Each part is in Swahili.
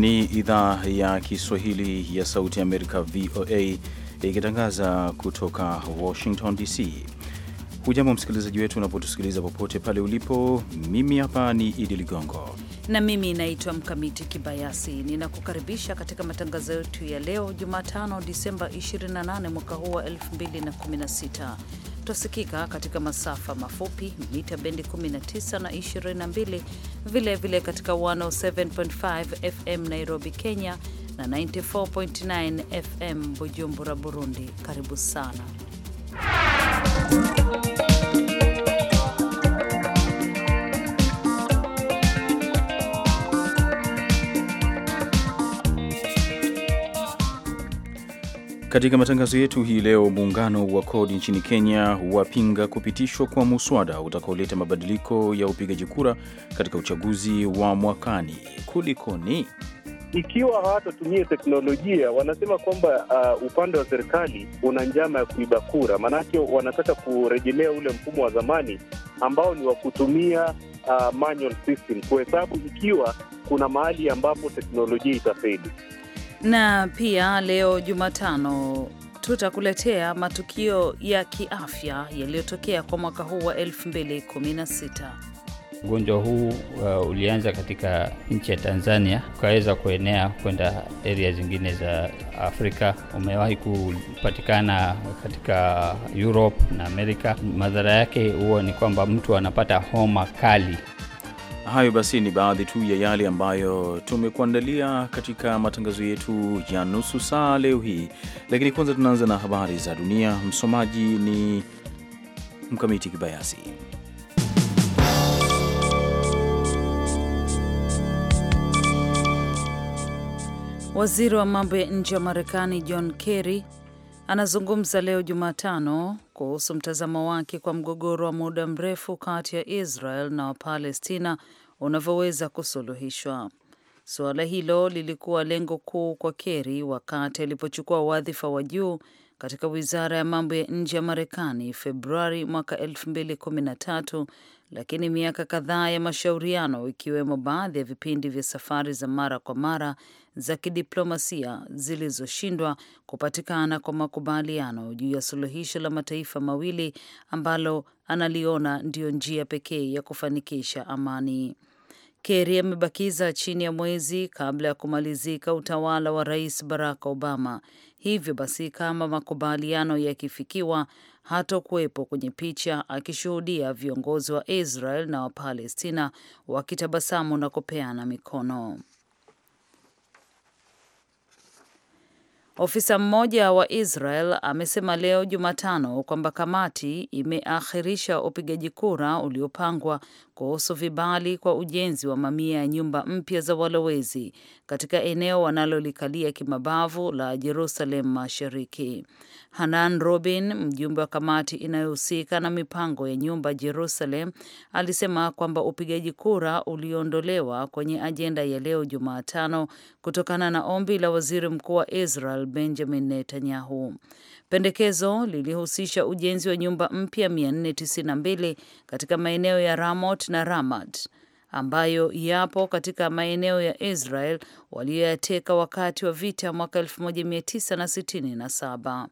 ni idhaa ya Kiswahili ya Sauti ya Amerika, VOA, ikitangaza kutoka Washington DC. Hujambo msikilizaji wetu unapotusikiliza popote pale ulipo. Mimi hapa ni Idi Ligongo na mimi naitwa Mkamiti Kibayasi. Ninakukaribisha katika matangazo yetu ya leo Jumatano, Disemba 28 mwaka huu wa 2016. Tutasikika katika masafa mafupi mita bendi 19 na 22, vilevile vile katika 107.5 FM Nairobi, Kenya na 94.9 FM Bujumbura, Burundi. Karibu sana Katika matangazo yetu hii leo, muungano wa kodi nchini Kenya wapinga kupitishwa kwa muswada utakaoleta mabadiliko ya upigaji kura katika uchaguzi wa mwakani. Kulikoni? Ikiwa hawatatumia teknolojia, wanasema kwamba uh, upande wa serikali una njama ya kuiba kura, maanake wanataka kurejelea ule mfumo wa zamani ambao ni wa kutumia uh, manual system kuhesabu ikiwa kuna mahali ambapo teknolojia itafeli na pia leo Jumatano tutakuletea matukio ya kiafya yaliyotokea kwa mwaka huu wa 2016. Ugonjwa huu uh, ulianza katika nchi ya Tanzania ukaweza kuenea kwenda area zingine za Afrika. Umewahi kupatikana katika Europe na Amerika. Madhara yake huwa ni kwamba mtu anapata homa kali Hayo basi ni baadhi tu ya yale ambayo tumekuandalia katika matangazo yetu ya nusu saa leo hii, lakini kwanza tunaanza na habari za dunia. Msomaji ni Mkamiti Kibayasi. Waziri wa mambo ya nje wa Marekani John Kerry anazungumza leo Jumatano kuhusu mtazamo wake kwa mgogoro wa muda mrefu kati ya Israel na Wapalestina unavyoweza kusuluhishwa. Suala hilo lilikuwa lengo kuu kwa Kerry wakati alipochukua wadhifa wa juu katika wizara ya mambo ya nje ya Marekani Februari mwaka 2013, lakini miaka kadhaa ya mashauriano, ikiwemo baadhi ya vipindi vya safari za mara kwa mara za kidiplomasia zilizoshindwa kupatikana kwa makubaliano juu ya suluhisho la mataifa mawili ambalo analiona ndiyo njia pekee ya kufanikisha amani. Kerry amebakiza chini ya mwezi kabla ya kumalizika utawala wa Rais Barack Obama. Hivyo basi, kama makubaliano yakifikiwa, hatokuwepo kwenye picha akishuhudia viongozi wa Israel na Wapalestina wakitabasamu na kupeana mikono. Ofisa mmoja wa Israel amesema leo Jumatano kwamba kamati imeakhirisha upigaji kura uliopangwa kuhusu vibali kwa ujenzi wa mamia ya nyumba mpya za walowezi katika eneo wanalolikalia kimabavu la Jerusalem Mashariki. Hanan Robin, mjumbe wa kamati inayohusika na mipango ya nyumba Jerusalem, alisema kwamba upigaji kura uliondolewa kwenye ajenda ya leo Jumatano kutokana na ombi la waziri mkuu wa Israel Benjamin Netanyahu. Pendekezo lilihusisha ujenzi wa nyumba mpya 492 katika maeneo ya Ramot na Ramat ambayo yapo katika maeneo ya Israel waliyoyateka wakati wa vita mwaka 1967.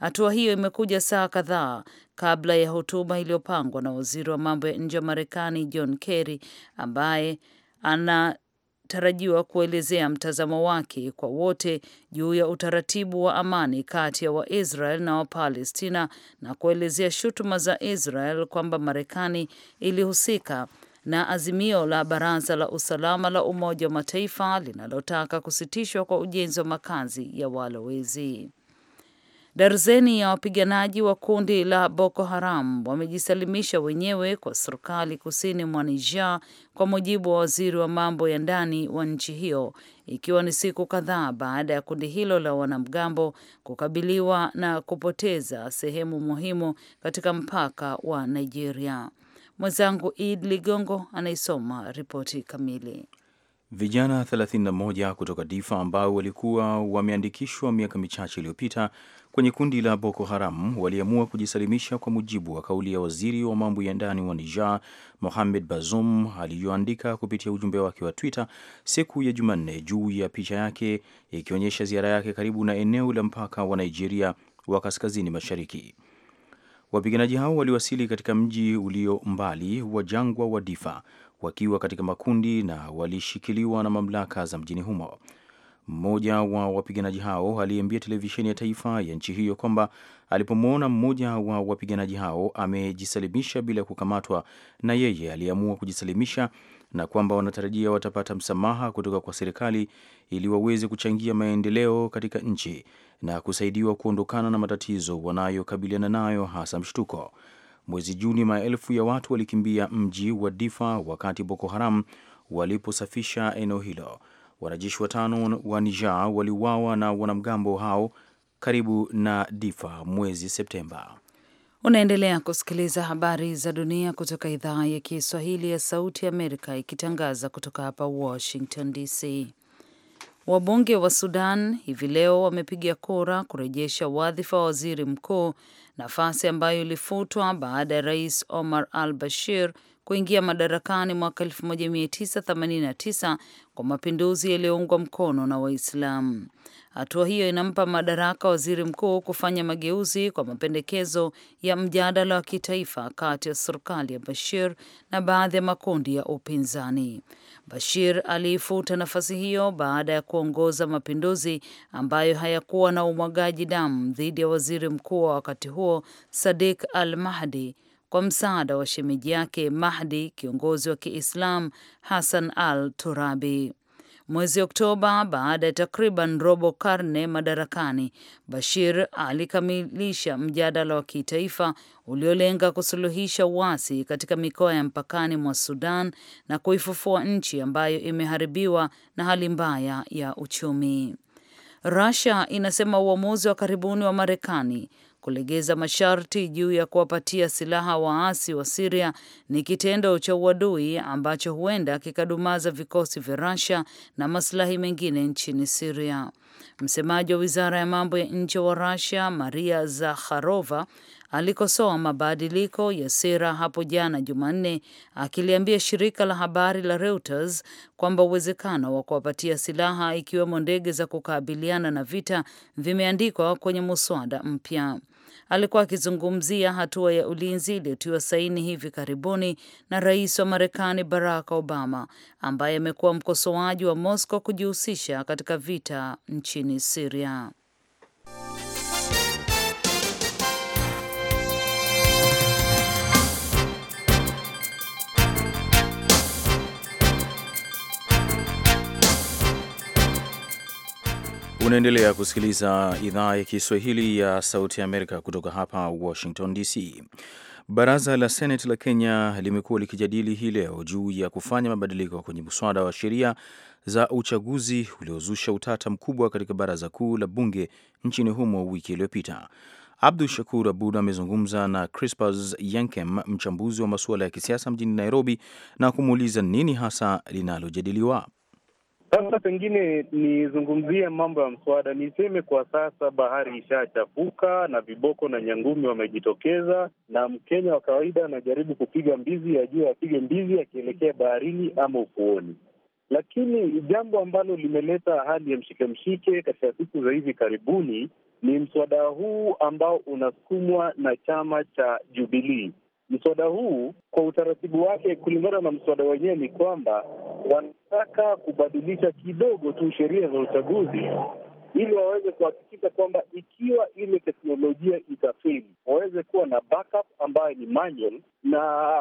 Hatua hiyo imekuja saa kadhaa kabla ya hotuba iliyopangwa na waziri wa mambo ya nje wa Marekani John Kerry ambaye ana tarajiwa kuelezea mtazamo wake kwa wote juu ya utaratibu wa amani kati ya Waisrael na Wapalestina na kuelezea shutuma za Israel kwamba Marekani ilihusika na azimio la Baraza la Usalama la Umoja wa Mataifa linalotaka kusitishwa kwa ujenzi wa makazi ya walowezi. Darzeni ya wapiganaji wa kundi la Boko Haram wamejisalimisha wenyewe kwa serikali kusini mwa Niger, kwa mujibu wa waziri wa mambo ya ndani wa nchi hiyo, ikiwa ni siku kadhaa baada ya kundi hilo la wanamgambo kukabiliwa na kupoteza sehemu muhimu katika mpaka wa Nigeria. Mwenzangu Id Ligongo anaisoma ripoti kamili. Vijana 31 kutoka Difa ambao walikuwa wameandikishwa miaka michache iliyopita kwenye kundi la Boko Haram waliamua kujisalimisha kwa mujibu wa kauli ya waziri wa mambo ya ndani wa Niger, Mohamed Bazoum, aliyoandika kupitia ujumbe wake wa Twitter siku ya Jumanne juu ya picha yake ikionyesha ziara yake karibu na eneo la mpaka wa Nigeria wa kaskazini mashariki. Wapiganaji hao waliwasili katika mji ulio mbali wa jangwa wa Difa wakiwa katika makundi na walishikiliwa na mamlaka za mjini humo. Mmoja wa wapiganaji hao aliambia televisheni ya taifa ya nchi hiyo kwamba alipomwona mmoja wa wapiganaji hao amejisalimisha bila kukamatwa, na yeye aliamua kujisalimisha na kwamba wanatarajia watapata msamaha kutoka kwa serikali ili waweze kuchangia maendeleo katika nchi na kusaidiwa kuondokana na matatizo wanayokabiliana nayo hasa mshtuko. Mwezi Juni, maelfu ya watu walikimbia mji wa Difa wakati Boko Haram waliposafisha eneo hilo. Wanajeshi watano wa Niger waliuawa na wanamgambo hao karibu na Difa mwezi Septemba. Unaendelea kusikiliza habari za dunia kutoka idhaa ya Kiswahili ya Sauti Amerika ikitangaza kutoka hapa Washington DC. Wabunge wa Sudan hivi leo wamepiga kura kurejesha wadhifa wa waziri mkuu, nafasi ambayo ilifutwa baada ya rais Omar al Bashir kuingia madarakani mwaka 1989 kwa mapinduzi yaliyoungwa mkono na Waislamu. Hatua hiyo inampa madaraka waziri mkuu kufanya mageuzi kwa mapendekezo ya mjadala wa kitaifa kati ya serikali ya Bashir na baadhi ya makundi ya upinzani. Bashir aliifuta nafasi hiyo baada ya kuongoza mapinduzi ambayo hayakuwa na umwagaji damu dhidi ya waziri mkuu wa wakati huo Sadik al Mahdi kwa msaada wa shemeji yake Mahdi, kiongozi wa Kiislam Hassan al Turabi. Mwezi Oktoba, baada ya takriban robo karne madarakani, Bashir alikamilisha mjadala wa kitaifa uliolenga kusuluhisha uasi katika mikoa ya mpakani mwa Sudan na kuifufua nchi ambayo imeharibiwa na hali mbaya ya uchumi. Russia inasema uamuzi wa karibuni wa Marekani Kulegeza masharti juu ya kuwapatia silaha waasi wa Siria ni kitendo cha uadui ambacho huenda kikadumaza vikosi vya rasia na masilahi mengine nchini Siria. Msemaji wa wizara ya mambo ya nje wa rasia Maria Zakharova alikosoa mabadiliko ya sera hapo jana Jumanne, akiliambia shirika la habari la Reuters kwamba uwezekano wa kuwapatia silaha ikiwemo ndege za kukabiliana na vita vimeandikwa kwenye muswada mpya. Alikuwa akizungumzia hatua ya ulinzi iliyotiwa saini hivi karibuni na rais wa Marekani Barack Obama, ambaye amekuwa mkosoaji wa Moscow kujihusisha katika vita nchini Siria. Unaendelea kusikiliza idhaa ya Kiswahili ya Sauti ya Amerika kutoka hapa Washington DC. Baraza la Seneti la Kenya limekuwa likijadili hii leo juu ya kufanya mabadiliko kwenye mswada wa sheria za uchaguzi uliozusha utata mkubwa katika baraza kuu la bunge nchini humo wiki iliyopita. Abdu Shakur Abud amezungumza na Crispas Yankem, mchambuzi wa masuala ya kisiasa mjini Nairobi, na kumuuliza nini hasa linalojadiliwa. Sasa pengine nizungumzie mambo ya mswada. Niseme kwa sasa bahari ishachafuka na viboko na nyangumi wamejitokeza, na Mkenya wa kawaida anajaribu kupiga mbizi, juu, apige mbizi akielekea baharini ama ufuoni. Lakini jambo ambalo limeleta hali ya mshike mshike katika siku za hivi karibuni ni mswada huu ambao unasukumwa na chama cha Jubilii Mswada huu kwa utaratibu wake, kulingana na mswada wenyewe, ni kwamba wanataka kubadilisha kidogo tu sheria za uchaguzi ili waweze kuhakikisha kwamba ikiwa ile teknolojia itafeli, waweze kuwa na backup ambayo ni manual, na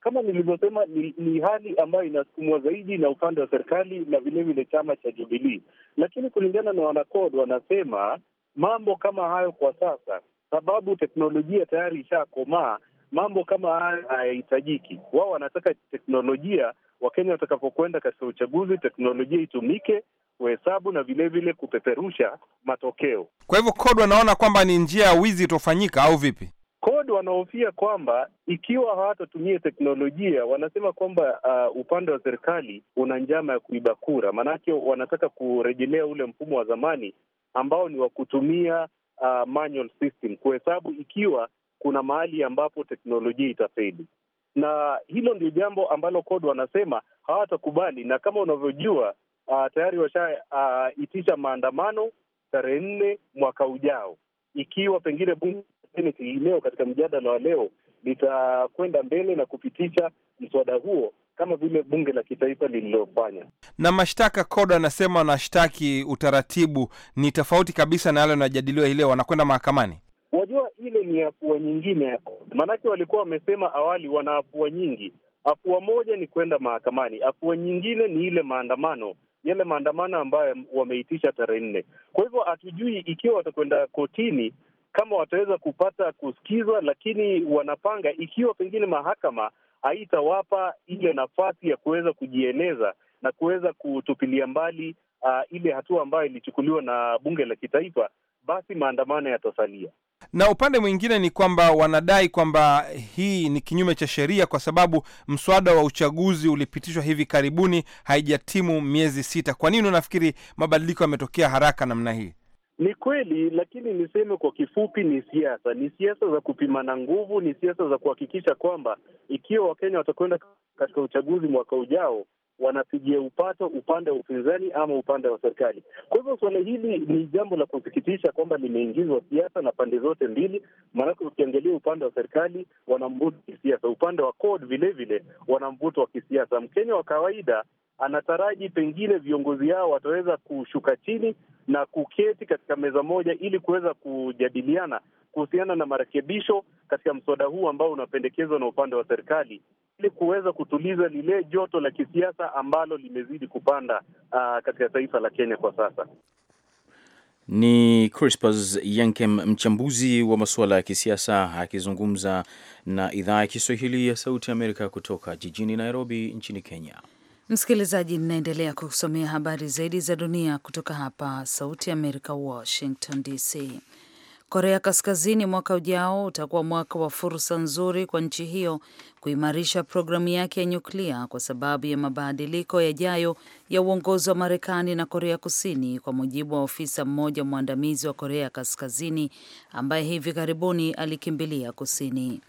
kama nilivyosema, ni, ni hali ambayo inasukumwa zaidi na upande wa serikali na vilevile chama cha Jubilii. Lakini kulingana na wanakod, wanasema mambo kama hayo kwa sasa, sababu teknolojia tayari ishakomaa mambo kama haya hayahitajiki. Wao wanataka teknolojia, Wakenya watakapokwenda katika uchaguzi, teknolojia itumike kuhesabu na vilevile kupeperusha matokeo. Kwa hivyo CORD wanaona kwamba ni njia ya wizi itofanyika au vipi? CORD wanahofia kwamba ikiwa hawatatumia teknolojia, wanasema kwamba uh, upande wa serikali una njama ya kuiba kura, maanake wanataka kurejelea ule mfumo wa zamani ambao ni wa kutumia uh, manual system kuhesabu ikiwa kuna mahali ambapo teknolojia itafeli, na hilo ndio jambo ambalo CORD wanasema hawatakubali. Na kama unavyojua uh, tayari washaitisha ah, uh, maandamano tarehe nne mwaka ujao, ikiwa pengine bunge leo katika mjadala wa leo litakwenda mbele na kupitisha mswada huo kama vile bunge la kitaifa lililofanya. Na mashtaka CORD anasema wanashtaki utaratibu ni tofauti kabisa na yale yanajadiliwa hii leo, wanakwenda mahakamani. Unajua ile ni afua nyingine yako, maanake walikuwa wamesema awali wana afua nyingi. Afua moja ni kwenda mahakamani, afua nyingine ni ile maandamano, yale maandamano ambayo wameitisha tarehe nne. Kwa hivyo hatujui ikiwa watakwenda kotini kama wataweza kupata kusikizwa, lakini wanapanga ikiwa pengine mahakama haitawapa ile nafasi ya kuweza kujieleza na kuweza kutupilia mbali uh, ile hatua ambayo ilichukuliwa na bunge la kitaifa, basi maandamano yatasalia na upande mwingine ni kwamba wanadai kwamba hii ni kinyume cha sheria, kwa sababu mswada wa uchaguzi ulipitishwa hivi karibuni, haijatimu miezi sita. Kwa nini unafikiri mabadiliko yametokea haraka namna hii? Ni kweli, lakini niseme kwa kifupi, ni siasa, ni siasa za kupimana nguvu, ni siasa za kuhakikisha kwamba ikiwa Wakenya watakwenda katika uchaguzi mwaka ujao, wanapigia upato upande wa upinzani ama upande wa serikali. Kwa hivyo suala hili ni jambo la kusikitisha kwamba limeingizwa siasa na pande zote mbili, maanake ukiangalia upande wa serikali wana mvuto wa kisiasa, upande wa CORD vilevile wana mvuto wa kisiasa. Mkenya wa kawaida anataraji pengine viongozi hao wataweza kushuka chini na kuketi katika meza moja ili kuweza kujadiliana kuhusiana na marekebisho katika mswada huu ambao unapendekezwa na upande wa serikali ili kuweza kutuliza lile joto la kisiasa ambalo limezidi kupanda uh, katika taifa la Kenya kwa sasa. Ni Crispus Yankem, mchambuzi wa masuala ya kisiasa akizungumza na idhaa ya Kiswahili ya Sauti ya Amerika kutoka jijini Nairobi nchini Kenya. Msikilizaji, ninaendelea kusomea habari zaidi za dunia kutoka hapa Sauti ya Amerika, Washington DC. Korea Kaskazini mwaka ujao utakuwa mwaka wa fursa nzuri kwa nchi hiyo kuimarisha programu yake ya nyuklia kwa sababu ya mabadiliko yajayo ya uongozi wa Marekani na Korea Kusini, kwa mujibu wa ofisa mmoja mwandamizi wa Korea Kaskazini ambaye hivi karibuni alikimbilia kusini.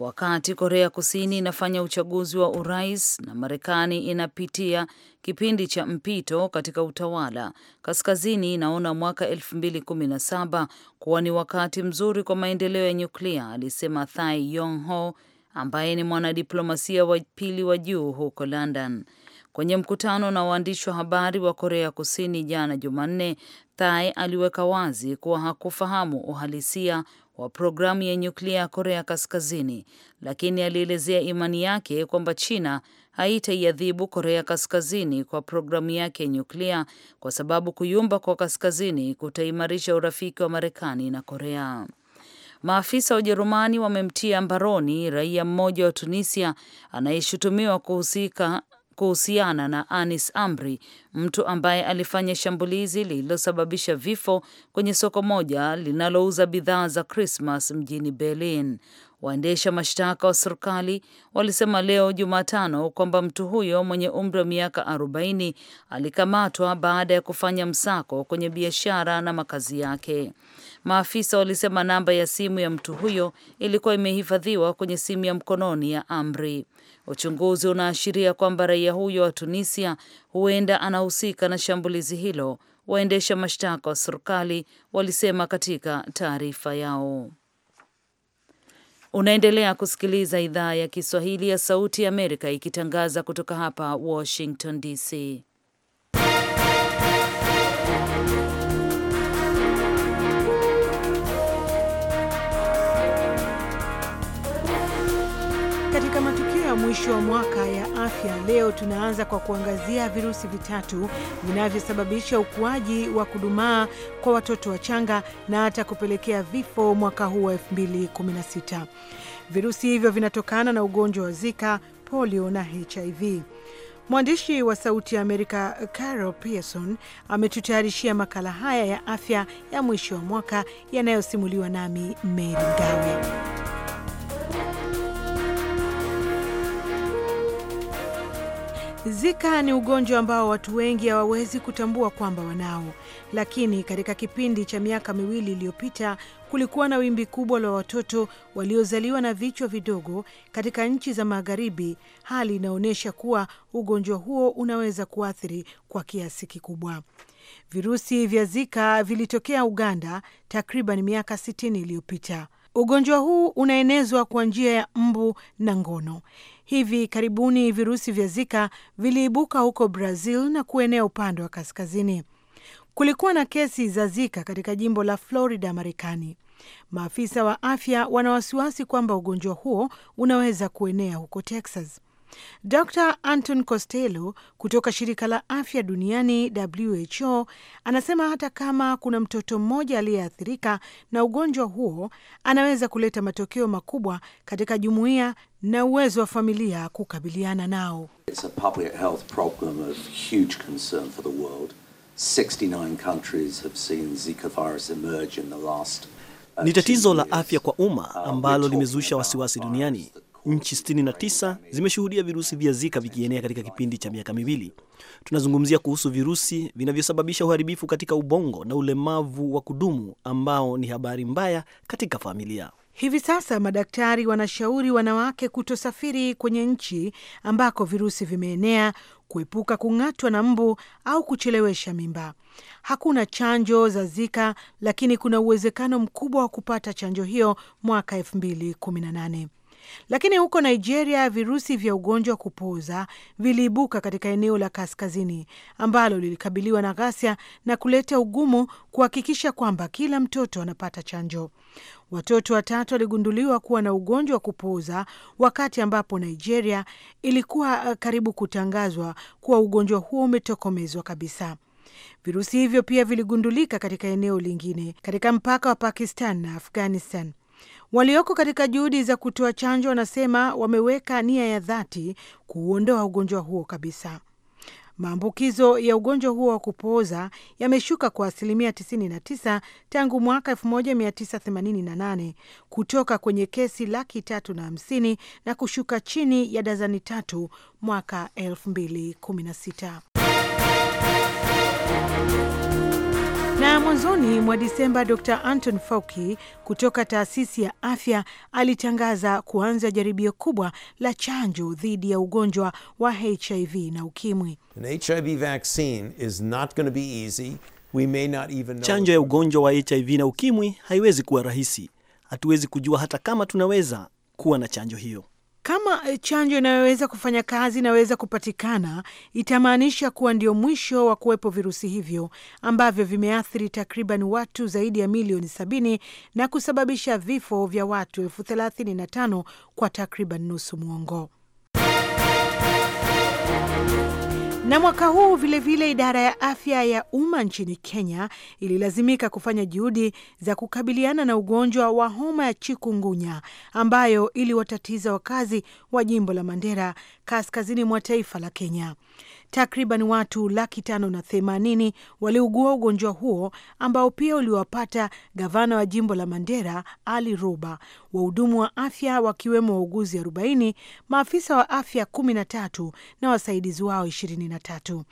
Wakati Korea Kusini inafanya uchaguzi wa urais na Marekani inapitia kipindi cha mpito katika utawala, Kaskazini inaona mwaka 2017 kuwa ni wakati mzuri kwa maendeleo ya nyuklia, alisema Thai Yong Ho ambaye ni mwanadiplomasia wa pili wa juu huko London. Kwenye mkutano na waandishi wa habari wa Korea Kusini jana Jumanne, Thai aliweka wazi kuwa hakufahamu uhalisia wa programu ya nyuklia ya Korea Kaskazini, lakini alielezea imani yake kwamba China haitaiadhibu Korea Kaskazini kwa programu yake ya nyuklia kwa sababu kuyumba kwa Kaskazini kutaimarisha urafiki wa Marekani na Korea. Maafisa wa Ujerumani wamemtia mbaroni raia mmoja wa Tunisia anayeshutumiwa kuhusika kuhusiana na Anis Amri, mtu ambaye alifanya shambulizi lililosababisha vifo kwenye soko moja linalouza bidhaa za Krismas mjini Berlin. Waendesha mashtaka wa serikali walisema leo Jumatano kwamba mtu huyo mwenye umri wa miaka 40 alikamatwa baada ya kufanya msako kwenye biashara na makazi yake. Maafisa walisema namba ya simu ya mtu huyo ilikuwa imehifadhiwa kwenye simu ya mkononi ya Amri. Uchunguzi unaashiria kwamba raia huyo wa Tunisia huenda anahusika na shambulizi hilo, waendesha mashtaka wa serikali walisema katika taarifa yao. Unaendelea kusikiliza idhaa ya Kiswahili ya Sauti ya Amerika ikitangaza kutoka hapa Washington DC. mwisho wa mwaka ya afya leo tunaanza kwa kuangazia virusi vitatu vinavyosababisha ukuaji wa kudumaa kwa watoto wachanga na hata kupelekea vifo mwaka huu wa 2016. Virusi hivyo vinatokana na ugonjwa wa Zika, polio na HIV. Mwandishi wa Sauti ya Amerika Carol Pearson ametutayarishia makala haya ya afya ya mwisho wa mwaka yanayosimuliwa nami Meri Mgawe. Zika ni ugonjwa ambao watu wengi hawawezi kutambua kwamba wanao, lakini katika kipindi cha miaka miwili iliyopita kulikuwa na wimbi kubwa la watoto waliozaliwa na vichwa vidogo katika nchi za Magharibi, hali inaonyesha kuwa ugonjwa huo unaweza kuathiri kwa kiasi kikubwa. Virusi vya Zika vilitokea Uganda takriban miaka 60 iliyopita. Ugonjwa huu unaenezwa kwa njia ya mbu na ngono. Hivi karibuni virusi vya Zika viliibuka huko Brazil na kuenea upande wa kaskazini. Kulikuwa na kesi za Zika katika jimbo la Florida, Marekani. Maafisa wa afya wana wasiwasi kwamba ugonjwa huo unaweza kuenea huko Texas. Dr Anton Costello kutoka shirika la afya duniani WHO anasema hata kama kuna mtoto mmoja aliyeathirika na ugonjwa huo, anaweza kuleta matokeo makubwa katika jumuiya na uwezo wa familia kukabiliana nao. It's a public health problem of huge concern for the world. 69 countries have seen Zika virus emerge in the last uh, ni tatizo la afya kwa umma uh, ambalo limezusha wasiwasi duniani nchi 69 zimeshuhudia virusi vya Zika vikienea katika kipindi cha miaka miwili. Tunazungumzia kuhusu virusi vinavyosababisha uharibifu katika ubongo na ulemavu wa kudumu ambao ni habari mbaya katika familia. Hivi sasa madaktari wanashauri wanawake kutosafiri kwenye nchi ambako virusi vimeenea, kuepuka kung'atwa na mbu au kuchelewesha mimba. Hakuna chanjo za Zika, lakini kuna uwezekano mkubwa wa kupata chanjo hiyo mwaka 218 lakini huko Nigeria, virusi vya ugonjwa wa kupooza viliibuka katika eneo la kaskazini ambalo lilikabiliwa na ghasia na kuleta ugumu kuhakikisha kwamba kila mtoto anapata chanjo. Watoto watatu waligunduliwa kuwa na ugonjwa wa kupooza wakati ambapo Nigeria ilikuwa eh, karibu kutangazwa kuwa ugonjwa huo umetokomezwa kabisa. Virusi hivyo pia viligundulika katika eneo lingine katika mpaka wa Pakistan na Afghanistan Walioko katika juhudi za kutoa chanjo wanasema wameweka nia ya dhati kuuondoa ugonjwa huo kabisa. Maambukizo ya ugonjwa huo wa kupooza yameshuka kwa asilimia 99 tangu mwaka 1988 kutoka kwenye kesi laki tatu na hamsini na kushuka chini ya dazani tatu mwaka 2016. Na mwanzoni mwa Disemba, Dr Anton Fauci kutoka taasisi ya afya alitangaza kuanza jaribio kubwa la chanjo dhidi ya ugonjwa wa HIV na UKIMWI. Chanjo ya ugonjwa wa HIV na UKIMWI haiwezi kuwa rahisi. Hatuwezi kujua hata kama tunaweza kuwa na chanjo hiyo. Eh, chanjo inayoweza kufanya kazi inaweza kupatikana, itamaanisha kuwa ndio mwisho wa kuwepo virusi hivyo ambavyo vimeathiri takriban watu zaidi ya milioni sabini na kusababisha vifo vya watu elfu thelathini na tano kwa takriban nusu mwongo. Na mwaka huu vilevile vile idara ya afya ya umma nchini Kenya ililazimika kufanya juhudi za kukabiliana na ugonjwa wa homa ya chikungunya ambayo iliwatatiza wakazi wa jimbo la Mandera kaskazini mwa taifa la Kenya takriban watu laki tano na themanini waliugua ugonjwa huo ambao pia uliwapata gavana wa jimbo la Mandera Ali Roba, wahudumu wa afya wakiwemo wauguzi 40, maafisa wa afya 13 na wasaidizi wao 23,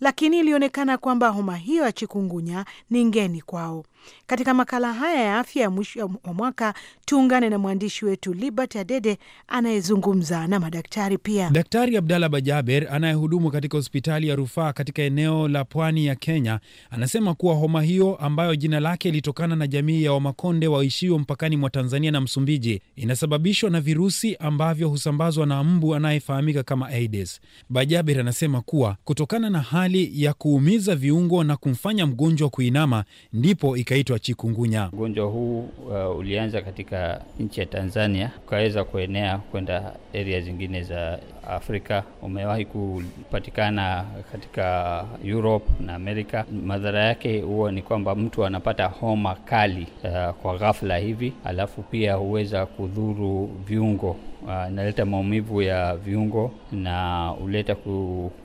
lakini ilionekana kwamba homa hiyo ya chikungunya ni ngeni kwao. Katika makala haya ya afya ya mwisho wa mwaka, tuungane na mwandishi wetu Libert Adede anayezungumza na madaktari pia. Daktari Abdalla Bajaber anayehudumu katika hospitali ya rufaa katika eneo la pwani ya Kenya anasema kuwa homa hiyo ambayo jina lake ilitokana na jamii ya Wamakonde waishio mpakani mwa Tanzania na Msumbiji inasababishwa na virusi ambavyo husambazwa na mbu anayefahamika kama Aedes. Bajaber anasema kuwa kutokana na hali ya kuumiza viungo na kumfanya mgonjwa kuinama ndipo ikaitwa chikungunya. Ugonjwa huu uh, ulianza katika nchi ya Tanzania ukaweza kuenea kwenda eria zingine za Afrika, umewahi kupatikana sana katika Europe na Amerika. Madhara yake huwa ni kwamba mtu anapata homa kali uh, kwa ghafla hivi, alafu pia huweza kudhuru viungo uh, inaleta maumivu ya viungo na huleta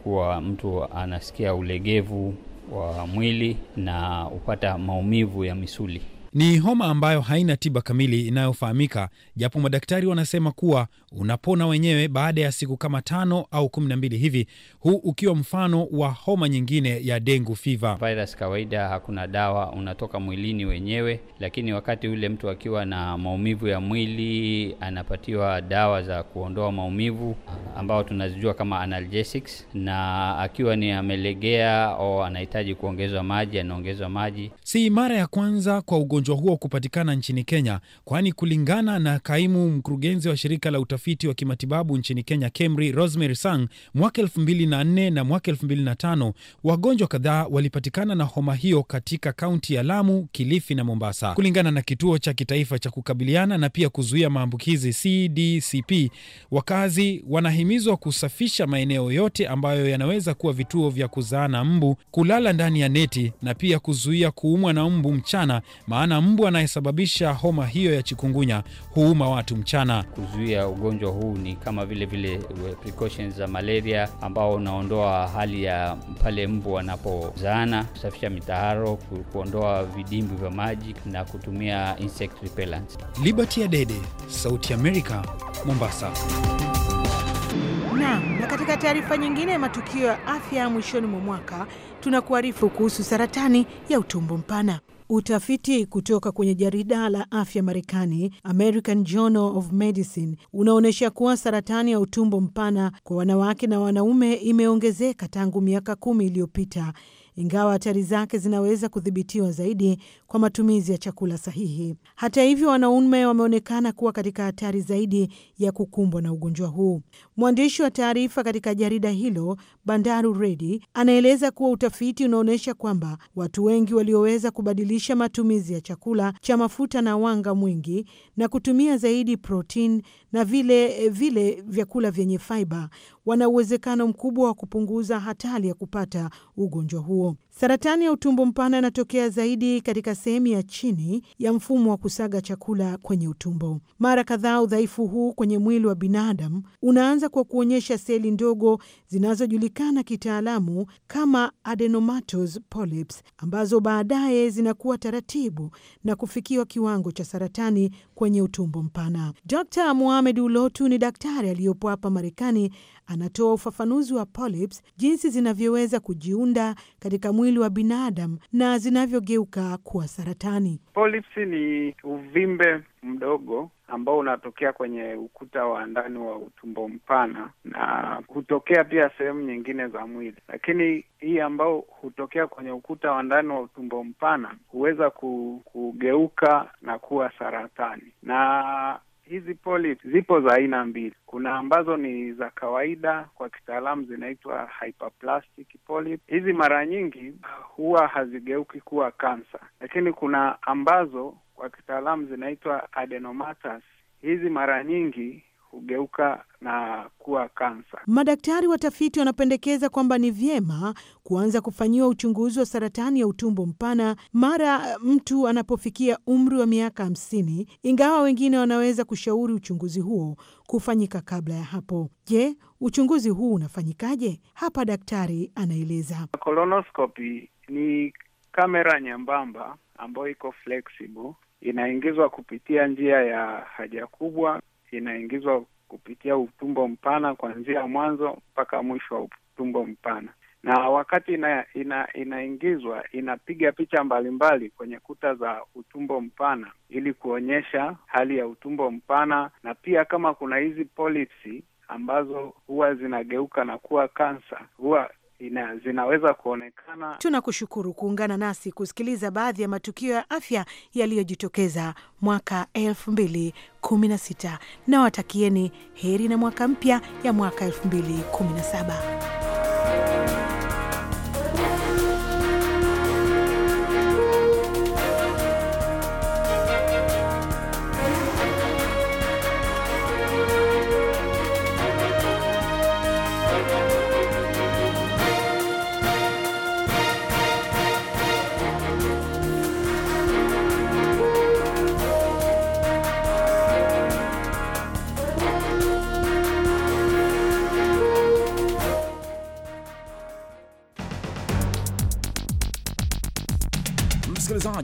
kuwa mtu anasikia ulegevu wa mwili na hupata maumivu ya misuli. Ni homa ambayo haina tiba kamili inayofahamika, japo madaktari wanasema kuwa unapona wenyewe baada ya siku kama tano au kumi na mbili hivi, huu ukiwa mfano wa homa nyingine ya dengu fiva virus. Kawaida hakuna dawa, unatoka mwilini wenyewe, lakini wakati ule mtu akiwa na maumivu ya mwili anapatiwa dawa za kuondoa maumivu ambao tunazijua kama analgesics, na akiwa ni amelegea au anahitaji kuongezwa maji anaongezwa maji. Si mara ya kwanza kwa ugonjwa huo kupatikana nchini Kenya, kwani kulingana na kaimu mkurugenzi wa shirika la utafiti utafiti wa kimatibabu nchini Kenya, KEMRI, Rosemary Sang, mwaka 2004 na mwaka 2005 wagonjwa kadhaa walipatikana na homa hiyo katika kaunti ya Lamu, Kilifi na Mombasa. Kulingana na kituo cha kitaifa cha kukabiliana na pia kuzuia maambukizi CDCP, wakazi wanahimizwa kusafisha maeneo yote ambayo yanaweza kuwa vituo vya kuzaana mbu, kulala ndani ya neti na pia kuzuia kuumwa na mbu mchana, maana mbu anayesababisha homa hiyo ya chikungunya huuma watu mchana. Kuzuia ugonjwa ugonjwa huu ni kama vile vile eh, precautions za malaria ambao unaondoa hali ya pale mbu wanapozaana, kusafisha mitaharo, kuondoa vidimbi vya maji na kutumia insect repellents. Liberty Adede, Sauti ya Amerika, Mombasa. na katika taarifa nyingine ya matukio ya afya mwishoni mwa mwaka tunakuarifu kuhusu saratani ya utumbo mpana. Utafiti kutoka kwenye jarida la afya Marekani, American Journal of Medicine, unaonyesha kuwa saratani ya utumbo mpana kwa wanawake na wanaume imeongezeka tangu miaka kumi iliyopita ingawa hatari zake zinaweza kudhibitiwa zaidi kwa matumizi ya chakula sahihi. Hata hivyo, wanaume wameonekana kuwa katika hatari zaidi ya kukumbwa na ugonjwa huu. Mwandishi wa taarifa katika jarida hilo Bandaru Redi anaeleza kuwa utafiti unaonyesha kwamba watu wengi walioweza kubadilisha matumizi ya chakula cha mafuta na wanga mwingi na kutumia zaidi protini na vile vile vyakula vyenye faiba wana uwezekano mkubwa wa kupunguza hatari ya kupata ugonjwa huo. Saratani ya utumbo mpana inatokea zaidi katika sehemu ya chini ya mfumo wa kusaga chakula kwenye utumbo. Mara kadhaa, udhaifu huu kwenye mwili wa binadamu unaanza kwa kuonyesha seli ndogo zinazojulikana kitaalamu kama adenomatous polyps, ambazo baadaye zinakuwa taratibu na kufikiwa kiwango cha saratani kwenye utumbo mpana. dr Mohamed Ulotu ni daktari aliyopo hapa Marekani Anatoa ufafanuzi wa polyps, jinsi zinavyoweza kujiunda katika mwili wa binadamu na zinavyogeuka kuwa saratani. Polyps ni uvimbe mdogo ambao unatokea kwenye ukuta wa ndani wa utumbo mpana na hutokea pia sehemu nyingine za mwili, lakini hii ambao hutokea kwenye ukuta wa ndani wa utumbo mpana huweza kugeuka na kuwa saratani na Hizi polyps zipo za aina mbili. Kuna ambazo ni za kawaida, kwa kitaalamu zinaitwa hyperplastic polyp. Hizi mara nyingi uh, huwa hazigeuki kuwa kansa, lakini kuna ambazo kwa kitaalamu zinaitwa adenomatous. Hizi mara nyingi kugeuka na kuwa kansa. Madaktari watafiti wanapendekeza kwamba ni vyema kuanza kufanyiwa uchunguzi wa saratani ya utumbo mpana mara mtu anapofikia umri wa miaka hamsini, ingawa wengine wanaweza kushauri uchunguzi huo kufanyika kabla ya hapo. Je, uchunguzi huu unafanyikaje? Hapa daktari anaeleza. Kolonoskopi ni kamera nyembamba ambayo iko flexible, inaingizwa kupitia njia ya haja kubwa inaingizwa kupitia utumbo mpana kuanzia mwanzo mpaka mwisho wa utumbo mpana, na wakati ina, ina, inaingizwa inapiga picha mbalimbali mbali kwenye kuta za utumbo mpana ili kuonyesha hali ya utumbo mpana, na pia kama kuna hizi polisi ambazo huwa zinageuka na kuwa kansa, huwa ina, zinaweza kuonekana. Tunakushukuru kuungana nasi kusikiliza baadhi ya matukio ya afya yaliyojitokeza mwaka elfu mbili kumi na sita na watakieni heri na mwaka mpya ya mwaka elfu mbili kumi na saba.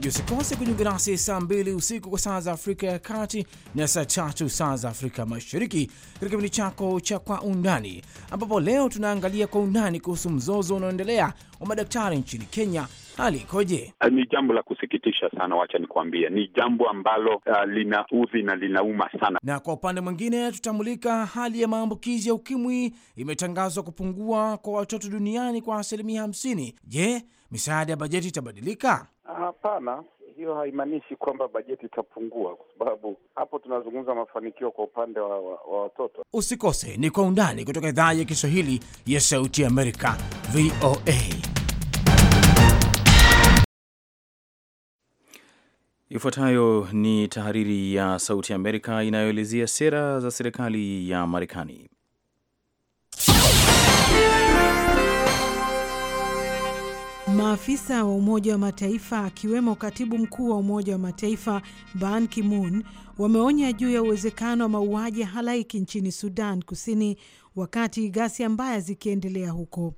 msikilizaji, usikose kujiunga nasi saa mbili usiku kwa saa za Afrika ya Kati na saa tatu saa za Afrika Mashariki katika kipindi chako cha Kwa Undani, ambapo leo tunaangalia kwa undani kuhusu mzozo unaoendelea wa madaktari nchini Kenya. Hali ikoje? Ah, ni jambo la kusikitisha sana, wacha nikuambie, ni jambo ambalo uh, ah, linaudhi na linauma sana. Na kwa upande mwingine, tutamulika hali ya maambukizi ya ukimwi imetangazwa kupungua kwa watoto duniani kwa asilimia hamsini. Je, misaada ya bajeti itabadilika? Hapana, hiyo haimaanishi kwamba bajeti itapungua, kwa sababu hapo tunazungumza mafanikio kwa upande wa, wa, wa watoto. Usikose ni kwa undani kutoka idhaa ya Kiswahili ya Sauti ya Amerika, VOA. Ifuatayo ni tahariri ya Sauti ya Amerika inayoelezea sera za serikali ya Marekani. Maafisa wa Umoja wa Mataifa akiwemo katibu mkuu wa Umoja wa Mataifa Ban Ki-moon wameonya juu ya uwezekano wa mauaji halaiki nchini Sudan Kusini wakati ghasia mbaya zikiendelea huko.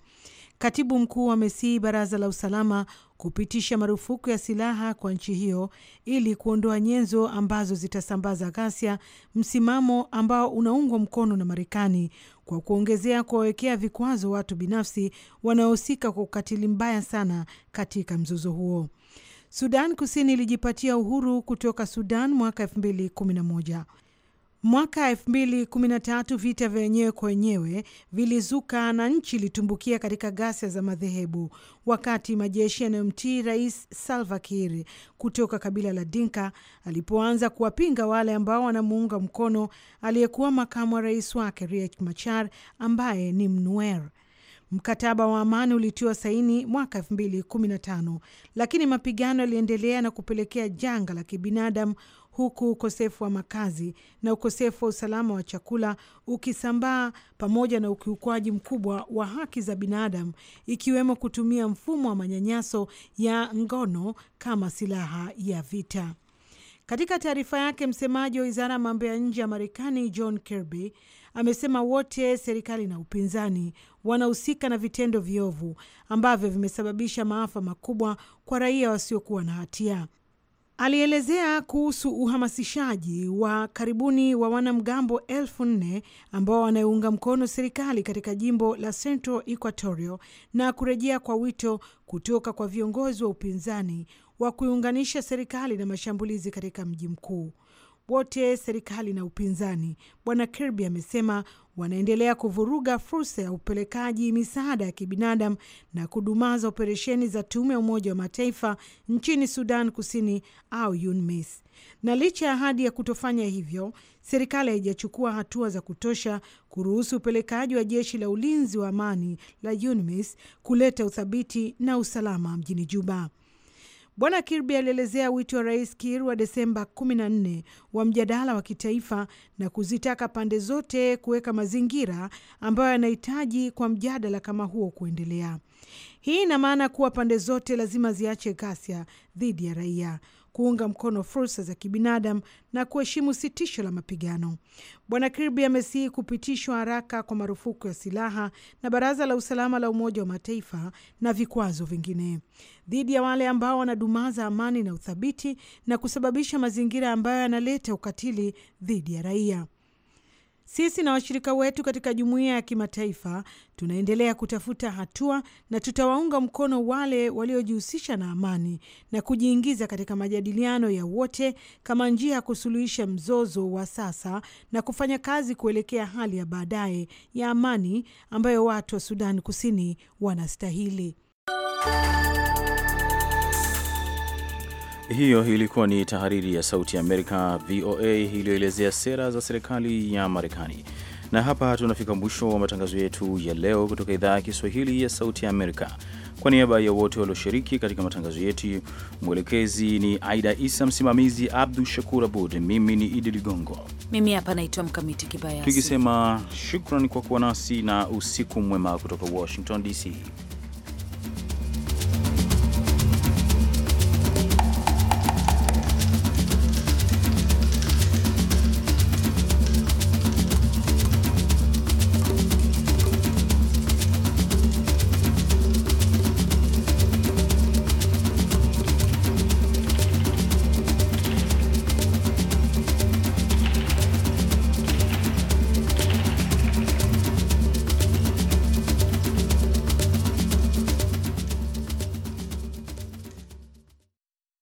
Katibu mkuu amesihi baraza la usalama kupitisha marufuku ya silaha kwa nchi hiyo ili kuondoa nyenzo ambazo zitasambaza ghasia, msimamo ambao unaungwa mkono na Marekani kwa kuongezea kuwawekea vikwazo watu binafsi wanaohusika kwa ukatili mbaya sana katika mzozo huo. Sudan Kusini ilijipatia uhuru kutoka Sudan mwaka 211 Mwaka 2013 vita vya wenyewe kwa wenyewe vilizuka na nchi ilitumbukia katika ghasia za madhehebu, wakati majeshi yanayomtii Rais Salva Kiir kutoka kabila la Dinka alipoanza kuwapinga wale ambao wanamuunga mkono aliyekuwa makamu wa rais wake Riek Machar ambaye ni Mnuer. Mkataba wa amani ulitiwa saini mwaka 2015 lakini mapigano yaliendelea na kupelekea janga la kibinadamu huku ukosefu wa makazi na ukosefu wa usalama wa chakula ukisambaa pamoja na ukiukwaji mkubwa wa haki za binadamu ikiwemo kutumia mfumo wa manyanyaso ya ngono kama silaha ya vita. Katika taarifa yake, msemaji wa wizara ya mambo ya nje ya Marekani John Kirby amesema wote, serikali na upinzani, wanahusika na vitendo viovu ambavyo vimesababisha maafa makubwa kwa raia wasiokuwa na hatia. Alielezea kuhusu uhamasishaji wa karibuni wa wanamgambo elfu nne ambao wanaiunga mkono serikali katika jimbo la Central Equatoria na kurejea kwa wito kutoka kwa viongozi wa upinzani wa kuiunganisha serikali na mashambulizi katika mji mkuu wote serikali na upinzani, Bwana Kirby amesema wanaendelea kuvuruga fursa ya upelekaji misaada ya kibinadamu na kudumaza operesheni za tume ya Umoja wa Mataifa nchini Sudan Kusini au UNMISS. Na licha ya ahadi ya kutofanya hivyo, serikali haijachukua hatua za kutosha kuruhusu upelekaji wa jeshi la ulinzi wa amani la UNMISS kuleta uthabiti na usalama mjini Juba. Bwana Kirby alielezea wito wa Rais kir wa Desemba 14 wa mjadala wa kitaifa na kuzitaka pande zote kuweka mazingira ambayo yanahitaji kwa mjadala kama huo kuendelea. Hii ina maana kuwa pande zote lazima ziache ghasia dhidi ya raia kuunga mkono fursa za kibinadamu na kuheshimu sitisho la mapigano. Bwana Kirby amesihi kupitishwa haraka kwa marufuku ya silaha na Baraza la Usalama la Umoja wa Mataifa na vikwazo vingine dhidi ya wale ambao wanadumaza amani na uthabiti na kusababisha mazingira ambayo yanaleta ukatili dhidi ya raia. Sisi na washirika wetu katika jumuiya ya kimataifa tunaendelea kutafuta hatua na tutawaunga mkono wale waliojihusisha na amani na kujiingiza katika majadiliano ya wote kama njia ya kusuluhisha mzozo wa sasa na kufanya kazi kuelekea hali ya baadaye ya amani ambayo watu wa sudani Kusini wanastahili. Hiyo ilikuwa ni tahariri ya Sauti ya Amerika, VOA, iliyoelezea sera za serikali ya Marekani. Na hapa tunafika mwisho wa matangazo yetu ya leo kutoka idhaa ya Kiswahili ya Sauti ya Amerika. Kwa niaba ya wote walioshiriki katika matangazo yetu, mwelekezi ni Aida Isa, msimamizi Abdu Shakur Abud, mimi ni Idi Ligongo, mimi hapa naitwa Mkamiti Kibayasi, tukisema shukran kwa kuwa nasi na usiku mwema kutoka Washington DC.